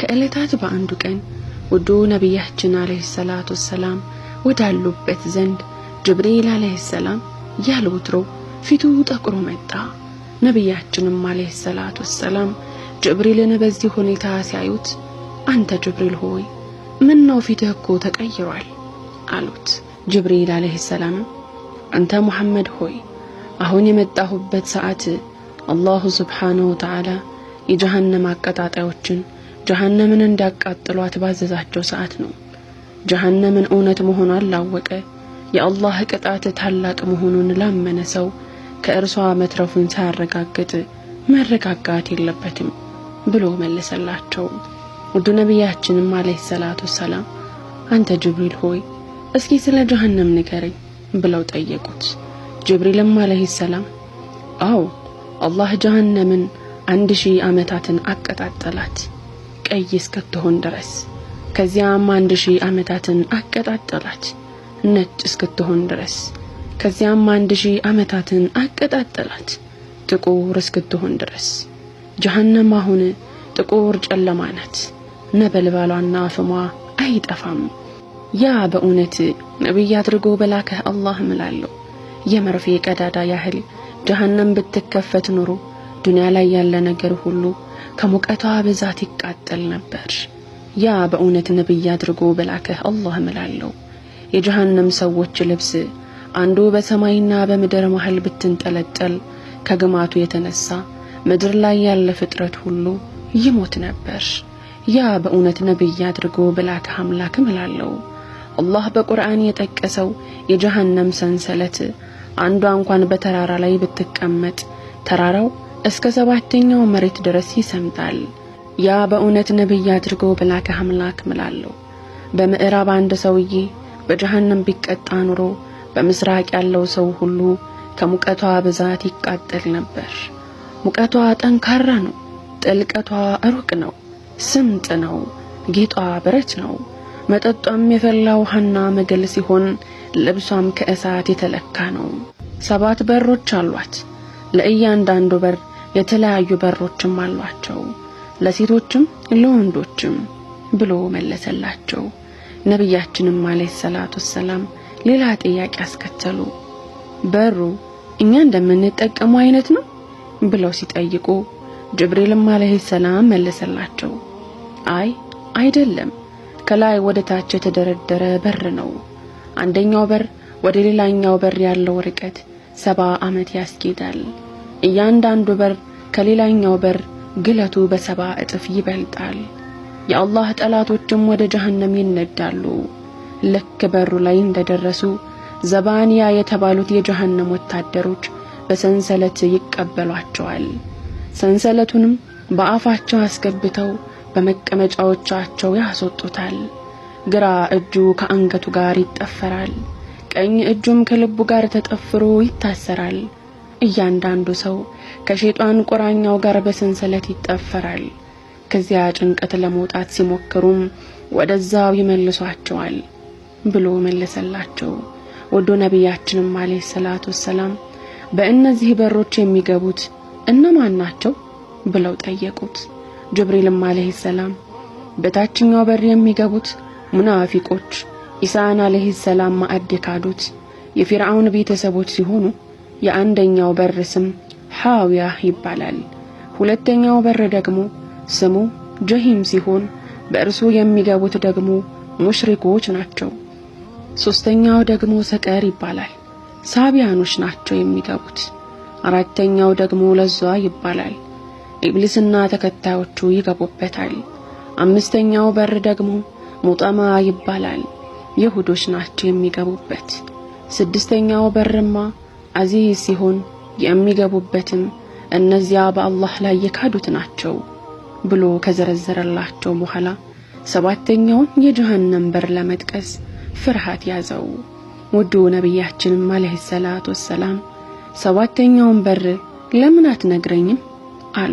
ከእለታት በአንዱ ቀን ውዱ ነቢያችን አለይሂ ሰላቱ ሰላም ወዳሉበት ዘንድ ጅብሪል አለይሂ ሰላም ያለ ወትሮው ፊቱ ጠቁሮ መጣ። ነቢያችንም አለይሂ ሰላቱ ሰላም ጅብሪልን በዚህ ሁኔታ ሲያዩት አንተ ጅብሪል ሆይ ምን ነው ፊትህ እኮ ተቀይሯል? አሉት። ጅብሪል አለይሂ ሰላም አንተ ሙሐመድ ሆይ አሁን የመጣሁበት ሰዓት አላሁ ስብሓነሁ ወተዓላ የጀሃነም አቀጣጣዮችን ጀሀነምን እንዳቃጥሏት ባዘዛቸው ሰዓት ነው። ጀሀነምን እውነት መሆኗን ላወቀ የአላህ ቅጣት ታላቅ መሆኑን ላመነ ሰው ከእርሷ መትረፉን ሳያረጋግጥ መረጋጋት የለበትም ብሎ መለሰላቸው። ውዱ ነቢያችንም አለይሂ ሰላቱ ሰላም አንተ ጅብሪል ሆይ እስኪ ስለ ጀሀነም ንገረኝ ብለው ጠየቁት። ጅብሪልም አለይሂ ሰላም አዎ አላህ ጀሀነምን አንድ ሺህ ዓመታትን አቀጣጠላት። ቀይ እስክትሆን ድረስ። ከዚያም አንድ ሺህ ዓመታትን አቀጣጠላች ነጭ እስክትሆን ድረስ። ከዚያም አንድ ሺህ ዓመታትን አቀጣጠላት ጥቁር እስክትሆን ድረስ። ጀሀነም አሁን ጥቁር ጨለማ ናት። ነበልባሏና ፍሟ አይጠፋም። ያ በእውነት ነብይ አድርጎ በላከህ አላህ ምላለሁ የመርፌ ቀዳዳ ያህል ጀሀነም ብትከፈት ኑሮ ዱንያ ላይ ያለ ነገር ሁሉ ከሙቀቷ ብዛት ይቃጠል ነበር። ያ በእውነት ነብይ አድርጎ በላከህ አላህ እምላለሁ። የጀሃነም ሰዎች ልብስ አንዱ በሰማይና በምድር መሃል ብትንጠለጠል ከግማቱ የተነሳ ምድር ላይ ያለ ፍጥረት ሁሉ ይሞት ነበር። ያ በእውነት ነብይ አድርጎ በላከህ አምላክ እምላለሁ። አላህ በቁርአን የጠቀሰው የጀሃነም ሰንሰለት አንዷ እንኳን በተራራ ላይ ብትቀመጥ ተራራው እስከ ሰባተኛው መሬት ድረስ ይሰምጣል። ያ በእውነት ነቢይ አድርጎ በላከ አምላክ እምላለሁ። በምዕራብ አንድ ሰውዬ በጀሃነም ቢቀጣ ኑሮ በምስራቅ ያለው ሰው ሁሉ ከሙቀቷ ብዛት ይቃጠል ነበር። ሙቀቷ ጠንካራ ነው፣ ጥልቀቷ ሩቅ ነው፣ ስምጥ ነው፣ ጌጧ ብረት ነው። መጠጧም የፈላ ውሃና መገል ሲሆን ልብሷም ከእሳት የተለካ ነው። ሰባት በሮች አሏት። ለእያንዳንዱ በር የተለያዩ በሮችም አሏቸው ለሴቶችም ለወንዶችም ብሎ መለሰላቸው። ነብያችንም አለይሂ ሰላቱ ሰላም ሌላ ጥያቄ አስከተሉ። በሩ እኛ እንደምንጠቀመው አይነት ነው ብለው ሲጠይቁ ጅብሪልም አለይሂ ሰላም መለሰላቸው፣ አይ አይደለም፣ ከላይ ወደ ታች የተደረደረ በር ነው። አንደኛው በር ወደ ሌላኛው በር ያለው ርቀት ሰባ አመት ያስጌዳል። እያንዳንዱ በር ከሌላኛው በር ግለቱ በሰባ እጥፍ ይበልጣል። የአላህ ጠላቶችም ወደ ጀሀነም ይነዳሉ። ልክ በሩ ላይ እንደደረሱ ዘባንያ የተባሉት የጀሀነም ወታደሮች በሰንሰለት ይቀበሏቸዋል። ሰንሰለቱንም በአፋቸው አስገብተው በመቀመጫዎቻቸው ያስወጡታል። ግራ እጁ ከአንገቱ ጋር ይጠፈራል፣ ቀኝ እጁም ከልቡ ጋር ተጠፍሮ ይታሰራል። እያንዳንዱ ሰው ከሸይጣን ቁራኛው ጋር በሰንሰለት ይጠፈራል። ከዚያ ጭንቀት ለመውጣት ሲሞክሩም ወደዛው ይመልሷቸዋል ብሎ መለሰላቸው። ወዶ ነቢያችንም አለይሂ ሰላቱ ወሰላም በእነዚህ በሮች የሚገቡት እነማን ናቸው ብለው ጠየቁት። ጅብሪልም አለይሂ ሰላም በታችኛው በር የሚገቡት ሙናፊቆች ኢሳን አለይሂ ሰላም ማዕድ ካዱት የፊርዓውን ቤተሰቦች ሲሆኑ የአንደኛው በር ስም ሃዊያ ይባላል። ሁለተኛው በር ደግሞ ስሙ ጀሂም ሲሆን በእርሱ የሚገቡት ደግሞ ሙሽሪኮች ናቸው። ሶስተኛው ደግሞ ሰቀር ይባላል። ሳቢያኖች ናቸው የሚገቡት። አራተኛው ደግሞ ለዟ ይባላል። ኢብሊስና ተከታዮቹ ይገቡበታል። አምስተኛው በር ደግሞ ሙጠማ ይባላል። ይሁዶች ናቸው የሚገቡበት። ስድስተኛው በርማ አዚዝ ሲሆን የሚገቡበትም እነዚያ በአላህ ላይ የካዱት ናቸው ብሎ ከዘረዘረላቸው በኋላ ሰባተኛውን የጀሃነም በር ለመጥቀስ ፍርሃት ያዘው። ውዱ ነቢያችንም አለይሂ ሰላቱ ወሰላም ሰባተኛውን በር ለምን አትነግረኝም አሉ።